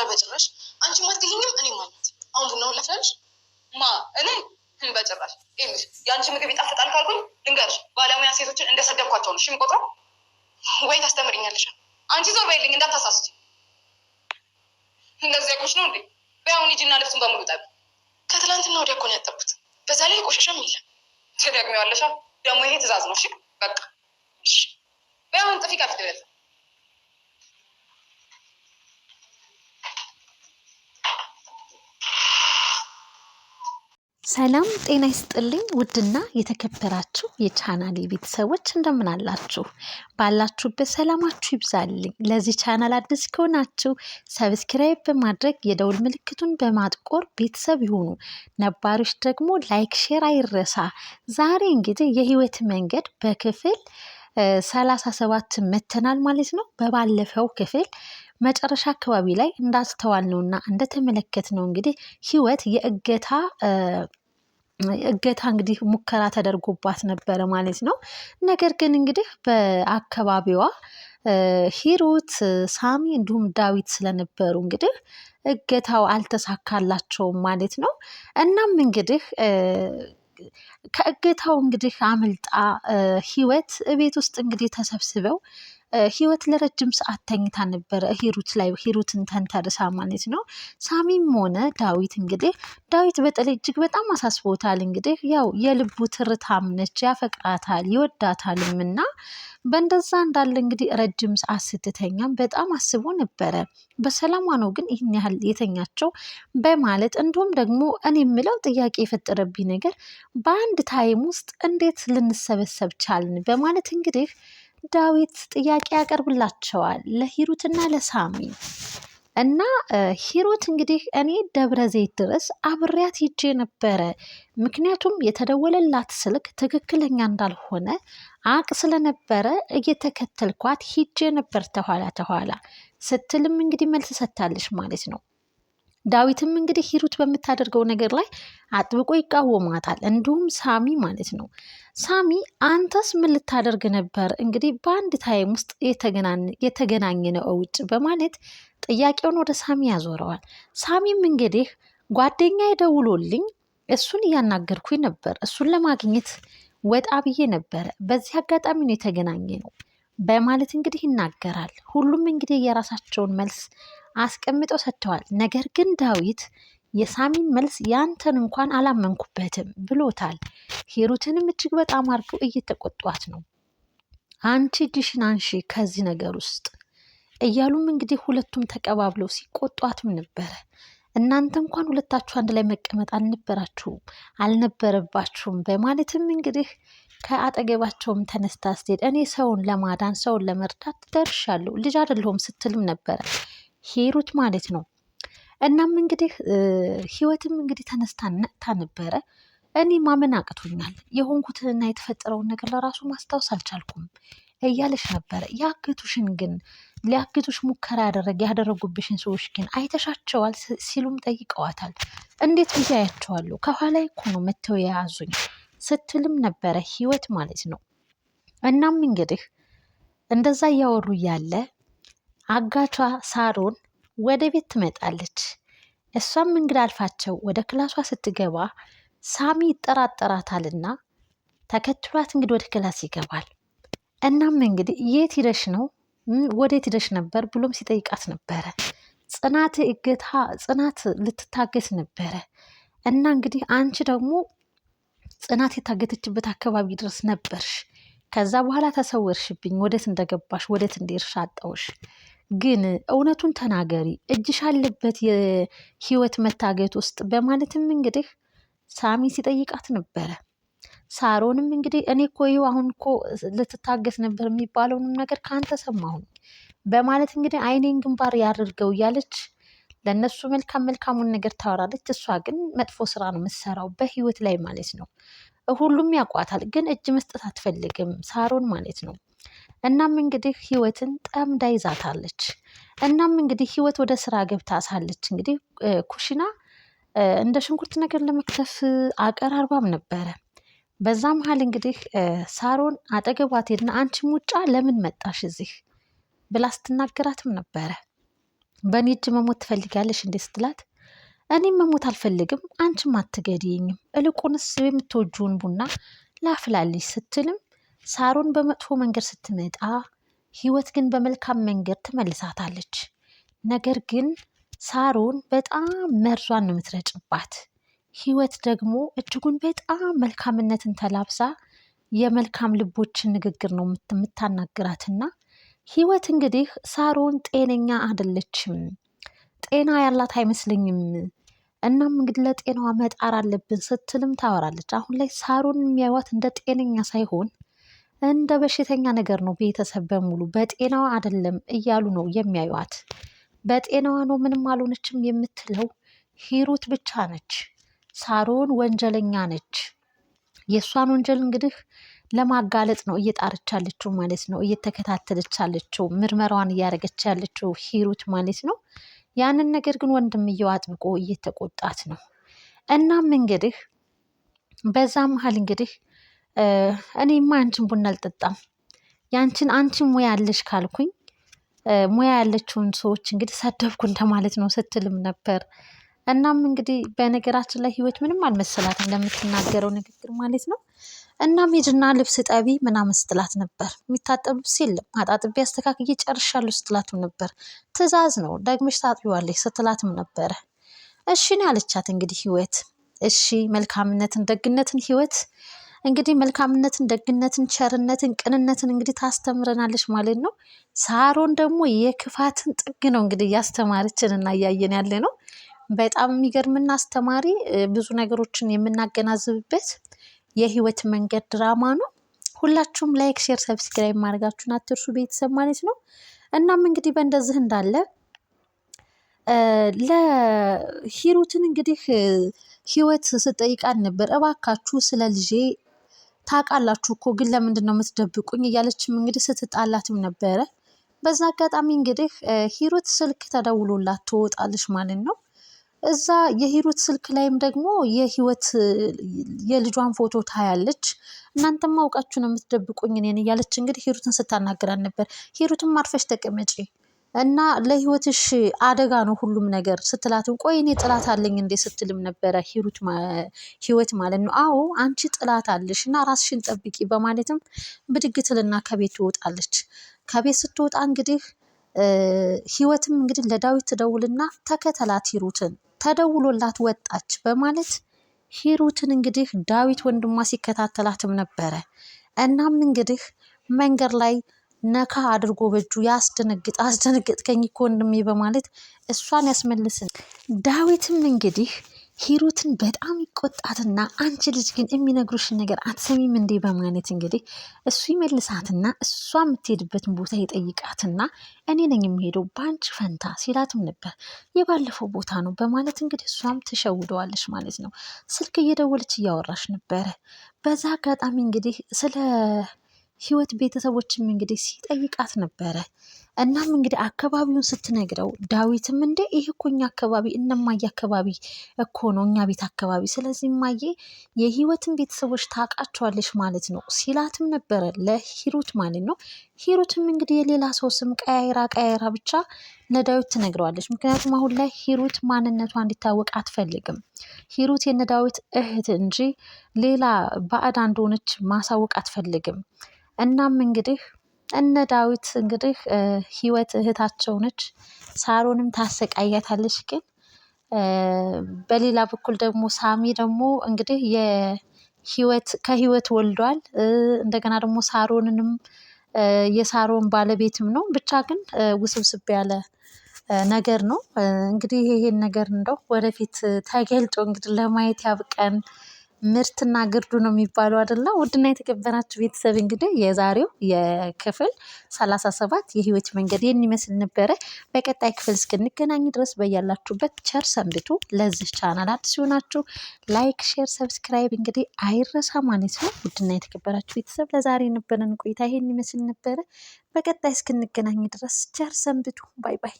ኧረ በጭራሽ አንቺ ማትገኝም እኔ ማለት አሁን ቡናውን ላፍላለሽ ማ እኔ በጭራሽ ይኸውልሽ፣ የአንቺ ምግብ ይጣፍጣል ካልኩኝ ልንገርሽ፣ ባለሙያ ሴቶችን እንደሰደብኳቸው ነው ሽምቆጥረው ወይ ታስተምርኛለሽ። አንቺ ዞር በይልኝ እንዳታሳስች። እንደዚህ ያቆሽ ነው እንዴ? በያሁን ሂጂና ልብሱን በሙሉ ጠብ። ከትላንትና ወዲያ እኮ ነው ያጠብኩት። በዛ ላይ ቆሻሻም የለም። ትደግሚዋለሻ ደግሞ ይሄ ትእዛዝ ነው። እሺ በቃ በያሁን ጥፊ ከፊት ሰላም ጤና ይስጥልኝ ውድና የተከበራችሁ የቻናል ቤተሰቦች እንደምን አላችሁ? ባላችሁበት ሰላማችሁ ይብዛልኝ። ለዚህ ቻናል አዲስ ከሆናችሁ ሰብስክራይብ በማድረግ የደውል ምልክቱን በማጥቆር ቤተሰብ ይሁኑ። ነባሪዎች ደግሞ ላይክ፣ ሼር አይረሳ። ዛሬ እንግዲህ የህይወት መንገድ በክፍል ሰላሳ ሰባት መተናል ማለት ነው። በባለፈው ክፍል መጨረሻ አካባቢ ላይ እንዳስተዋል ነው እና እንደተመለከት ነው እንግዲህ ህይወት የእገታ እገታ እንግዲህ ሙከራ ተደርጎባት ነበረ ማለት ነው። ነገር ግን እንግዲህ በአካባቢዋ ሂሩት፣ ሳሚ እንዲሁም ዳዊት ስለነበሩ እንግዲህ እገታው አልተሳካላቸውም ማለት ነው። እናም እንግዲህ ከእገታው እንግዲህ አምልጣ ህይወት ቤት ውስጥ እንግዲህ ተሰብስበው ህይወት ለረጅም ሰዓት ተኝታ ነበረ ሂሩት ላይ ሂሩትን ተንተርሳ ማለት ነው። ሳሚም ሆነ ዳዊት እንግዲህ ዳዊት በጠለ እጅግ በጣም አሳስቦታል። እንግዲህ ያው የልቡ ትርታም ነች፣ ያፈቅራታል፣ ይወዳታልም እና በእንደዛ እንዳለ እንግዲህ ረጅም ሰዓት ስትተኛም በጣም አስቦ ነበረ። በሰላሟ ነው ግን ይህን ያህል የተኛቸው በማለት እንዲሁም ደግሞ እኔ የምለው ጥያቄ የፈጠረብኝ ነገር በአንድ ታይም ውስጥ እንዴት ልንሰበሰብ ቻልን በማለት እንግዲህ ዳዊት ጥያቄ ያቀርብላቸዋል ለሂሩትና ለሳሚ እና ሂሩት እንግዲህ እኔ ደብረ ዘይት ድረስ አብሬያት ሄጄ ነበረ። ምክንያቱም የተደወለላት ስልክ ትክክለኛ እንዳልሆነ አቅ ስለነበረ እየተከተልኳት ሂጄ ነበር ተኋላ ተኋላ ስትልም እንግዲህ መልስ ሰጥታለች ማለት ነው። ዳዊትም እንግዲህ ሂሩት በምታደርገው ነገር ላይ አጥብቆ ይቃወማታል። እንዲሁም ሳሚ ማለት ነው። ሳሚ አንተስ ምን ልታደርግ ነበር? እንግዲህ በአንድ ታይም ውስጥ የተገናኘ ነው ውጭ በማለት ጥያቄውን ወደ ሳሚ ያዞረዋል። ሳሚም እንግዲህ ጓደኛ የደውሎልኝ እሱን እያናገርኩኝ ነበር። እሱን ለማግኘት ወጣ ብዬ ነበረ። በዚህ አጋጣሚ ነው የተገናኘ ነው በማለት እንግዲህ ይናገራል። ሁሉም እንግዲህ የራሳቸውን መልስ አስቀምጠው ሰጥተዋል። ነገር ግን ዳዊት የሳሚን መልስ ያንተን እንኳን አላመንኩበትም ብሎታል። ሄሩትንም እጅግ በጣም አድርጎ እየተቆጧት ነው። አንቺ እጅሽን አንሺ ከዚህ ነገር ውስጥ እያሉም እንግዲህ ሁለቱም ተቀባብለው ሲቆጧትም ነበረ። እናንተ እንኳን ሁለታችሁ አንድ ላይ መቀመጥ አልነበራችሁም አልነበረባችሁም በማለትም እንግዲህ ከአጠገባቸውም ተነስታ ስትሄድ እኔ ሰውን ለማዳን ሰውን ለመርዳት ደርሻለሁ ልጅ አይደለሁም ስትልም ነበረ። ሂሩት ማለት ነው። እናም እንግዲህ ህይወትም እንግዲህ ተነስታ ነቅታ ነበረ። እኔ ማመን አቅቶኛል የሆንኩትንና የተፈጠረውን ነገር ለራሱ ማስታወስ አልቻልኩም እያለች ነበረ። ያገቱሽን ግን ሊያግቱሽ ሙከራ ያደረግ ያደረጉብሽን ሰዎች ግን አይተሻቸዋል ሲሉም ጠይቀዋታል። እንዴት ብዬ አያቸዋለሁ ከኋላ እኮ ነው መተው የያዙኝ ስትልም ነበረ ህይወት ማለት ነው። እናም እንግዲህ እንደዛ እያወሩ እያለ አጋቿ ሳሮን ወደ ቤት ትመጣለች። እሷም እንግዳ አልፋቸው ወደ ክላሷ ስትገባ ሳሚ ይጠራጠራታልና ተከትሏት እንግዲህ ወደ ክላስ ይገባል። እናም እንግዲህ የት ሂደሽ ነው ወዴት ሂደሽ ነበር ብሎም ሲጠይቃት ነበረ። ጽናት እገታ ጽናት ልትታገት ነበረ እና እንግዲህ አንቺ ደግሞ ጽናት የታገተችበት አካባቢ ድረስ ነበርሽ። ከዛ በኋላ ተሰወርሽብኝ። ወዴት እንደገባሽ ወዴት እንደሄድሽ አጣውሽ። ግን እውነቱን ተናገሪ እጅሽ አለበት የህይወት መታገት ውስጥ በማለትም እንግዲህ ሳሚ ሲጠይቃት ነበረ። ሳሮንም እንግዲህ እኔ እኮ ይኸው አሁን እኮ ልትታገስ ነበር የሚባለውንም ነገር ከአንተ ሰማሁኝ በማለት እንግዲህ አይኔን ግንባር ያደርገው እያለች ለእነሱ መልካም መልካሙን ነገር ታወራለች። እሷ ግን መጥፎ ስራ ነው የምትሰራው በህይወት ላይ ማለት ነው። ሁሉም ያውቋታል፣ ግን እጅ መስጠት አትፈልግም ሳሮን ማለት ነው። እናም እንግዲህ ህይወትን ጠምዳ ይዛታለች። እናም እንግዲህ ህይወት ወደ ስራ ገብታ ሳለች እንግዲህ ኩሽና እንደ ሽንኩርት ነገር ለመክተፍ አቀራርባም ነበረ። በዛ መሀል እንግዲህ ሳሮን አጠገቧት ሄድና አንቺ ሙጫ ለምን መጣሽ እዚህ ብላ ስትናገራትም ነበረ። በእኔ እጅ መሞት ትፈልጋለሽ እንዴ ስትላት እኔም መሞት አልፈልግም፣ አንቺም አትገድኝም፣ እልቁንስ የምትወጁውን ቡና ላፍላልሽ ስትልም ሳሮን በመጥፎ መንገድ ስትመጣ ህይወት ግን በመልካም መንገድ ትመልሳታለች። ነገር ግን ሳሮን በጣም መርዟን ነው የምትረጭባት። ህይወት ደግሞ እጅጉን በጣም መልካምነትን ተላብሳ የመልካም ልቦችን ንግግር ነው የምታናግራትና ህይወት እንግዲህ ሳሮን ጤነኛ አይደለችም፣ ጤና ያላት አይመስለኝም። እናም እንግዲህ ለጤናዋ መጣር አለብን ስትልም ታወራለች። አሁን ላይ ሳሮን የሚያዩት እንደ ጤነኛ ሳይሆን እንደ በሽተኛ ነገር ነው ቤተሰብ በሙሉ በጤናዋ አይደለም እያሉ ነው የሚያዩዋት። በጤናዋ ነው ምንም አልሆነችም የምትለው ሂሩት ብቻ ነች። ሳሮን ወንጀለኛ ነች። የእሷን ወንጀል እንግዲህ ለማጋለጥ ነው እየጣረች ያለችው ማለት ነው። እየተከታተለች ያለችው ምርመራዋን እያደረገች ያለችው ሂሩት ማለት ነው። ያንን ነገር ግን ወንድምየው አጥብቆ እየተቆጣት ነው። እናም እንግዲህ በዛ መሀል እንግዲህ እኔማ አንቺን ቡና አልጠጣም። ያንቺን አንቺ ሙያ አለሽ ካልኩኝ ሙያ ያለችውን ሰዎች እንግዲህ ሰደብኩ እንደማለት ነው ስትልም ነበር። እናም እንግዲህ በነገራችን ላይ ህይወት ምንም አልመሰላትም እንደምትናገረው ንግግር ማለት ነው። እናም የድና ልብስ ጠቢ ምናምን ስትላት ነበር። የሚታጠብ ልብስ የለም አጣጥቤ አስተካክዬ ጨርሻለሁ ስትላትም ነበር። ትዕዛዝ ነው ደግመሽ ታጥቢዋለሽ ስትላትም ነበረ። እሺ ነው ያለቻት እንግዲህ ህይወት። እሺ መልካምነትን ደግነትን ህይወት እንግዲህ መልካምነትን፣ ደግነትን፣ ቸርነትን፣ ቅንነትን እንግዲህ ታስተምረናለች ማለት ነው። ሳሮን ደግሞ የክፋትን ጥግ ነው እንግዲህ እያስተማረችን እና እያየን ያለ ነው። በጣም የሚገርምና አስተማሪ ብዙ ነገሮችን የምናገናዝብበት የህይወት መንገድ ድራማ ነው። ሁላችሁም ላይክ፣ ሼር፣ ሰብስክራይብ ማድረጋችሁን አትርሱ ቤተሰብ ማለት ነው። እናም እንግዲህ በእንደዚህ እንዳለ ለሂሩትን እንግዲህ ህይወት ስጠይቃን ነበር እባካችሁ ስለ ልጄ ታውቃላችሁ እኮ ግን ለምንድን ነው የምትደብቁኝ? እያለችም እንግዲህ ስትጣላትም ነበረ። በዛ አጋጣሚ እንግዲህ ሂሩት ስልክ ተደውሎላት ትወጣለች ማለት ነው። እዛ የሂሩት ስልክ ላይም ደግሞ የህይወት የልጇን ፎቶ ታያለች። እናንተም አውቃችሁ ነው የምትደብቁኝ እኔን እያለች እንግዲህ ሂሩትን ስታናግራን ነበር። ሂሩትም አርፈሽ ተቀመጪ እና ለህይወትሽ አደጋ ነው ሁሉም ነገር ስትላትም ቆይ እኔ ጥላት አለኝ እንዴ ስትልም ነበረ ህይወት ማለት ነው። አዎ አንቺ ጥላት አለሽ እና ራስሽን ጠብቂ በማለትም ብድግ ትልና ከቤት ትወጣለች። ከቤት ስትወጣ እንግዲህ ህይወትም እንግዲህ ለዳዊት ትደውልና ተከተላት ሂሩትን ተደውሎላት ወጣች በማለት ሂሩትን እንግዲህ ዳዊት ወንድሟ ሲከታተላትም ነበረ። እናም እንግዲህ መንገድ ላይ ነካ አድርጎ በእጁ ያስደነግጥ አስደነገጥከኝ እኮ ወንድሜ በማለት እሷን ያስመልስን። ዳዊትም እንግዲህ ሂሩትን በጣም ይቆጣትና አንቺ ልጅ ግን የሚነግሩሽን ነገር አትሰሚም እንዴ? በማለት እንግዲህ እሱ ይመልሳትና እሷ የምትሄድበትን ቦታ ይጠይቃትና እኔ ነኝ የሚሄደው በአንቺ ፈንታ ሲላትም ነበር። የባለፈው ቦታ ነው በማለት እንግዲህ እሷም ትሸውደዋለች ማለት ነው። ስልክ እየደወለች እያወራች ነበረ። በዛ አጋጣሚ እንግዲህ ስለ ህይወት ቤተሰቦችም እንግዲህ ሲጠይቃት ነበረ። እናም እንግዲህ አካባቢውን ስትነግረው ዳዊትም እንደ ይህ እኮ እኛ አካባቢ እነማየ አካባቢ እኮ ነው እኛ ቤት አካባቢ፣ ስለዚህ ማየ የህይወትን ቤተሰቦች ታውቃቸዋለች ማለት ነው ሲላትም ነበረ ለሂሩት ማለት ነው። ሂሩትም እንግዲህ የሌላ ሰው ስም ቀያይራ ቀያይራ ብቻ ለዳዊት ትነግረዋለች። ምክንያቱም አሁን ላይ ሂሩት ማንነቷ እንዲታወቅ አትፈልግም። ሂሩት የነዳዊት እህት እንጂ ሌላ ባዕድ እንደሆነች ማሳወቅ አትፈልግም። እናም እንግዲህ እነ ዳዊት እንግዲህ ህይወት እህታቸው ነች። ሳሮንም ታሰቃያታለች። ግን በሌላ በኩል ደግሞ ሳሚ ደግሞ እንግዲህ የህይወት ከህይወት ወልዷል። እንደገና ደግሞ ሳሮንንም የሳሮን ባለቤትም ነው። ብቻ ግን ውስብስብ ያለ ነገር ነው። እንግዲህ ይሄን ነገር እንደው ወደፊት ተገልጦ እንግዲህ ለማየት ያብቀን። ምርትና ግርዱ ነው የሚባለው አይደለ? ውድና የተከበራችሁ ቤተሰብ እንግዲህ የዛሬው የክፍል ሰላሳ ሰባት የህይወት መንገድ ይህን ይመስል ነበረ። በቀጣይ ክፍል እስክንገናኝ ድረስ በያላችሁበት ቸር ሰንብቱ። ለዚህ ቻናል አዲስ ሲሆናችሁ ላይክ፣ ሼር፣ ሰብስክራይብ እንግዲህ አይረሳ ማለት ነው። ውድና የተከበራችሁ ቤተሰብ ለዛሬ የነበረን ቆይታ ይህን ይመስል ነበረ። በቀጣይ እስክንገናኝ ድረስ ቸር ሰንብቱ። ባይ ባይ።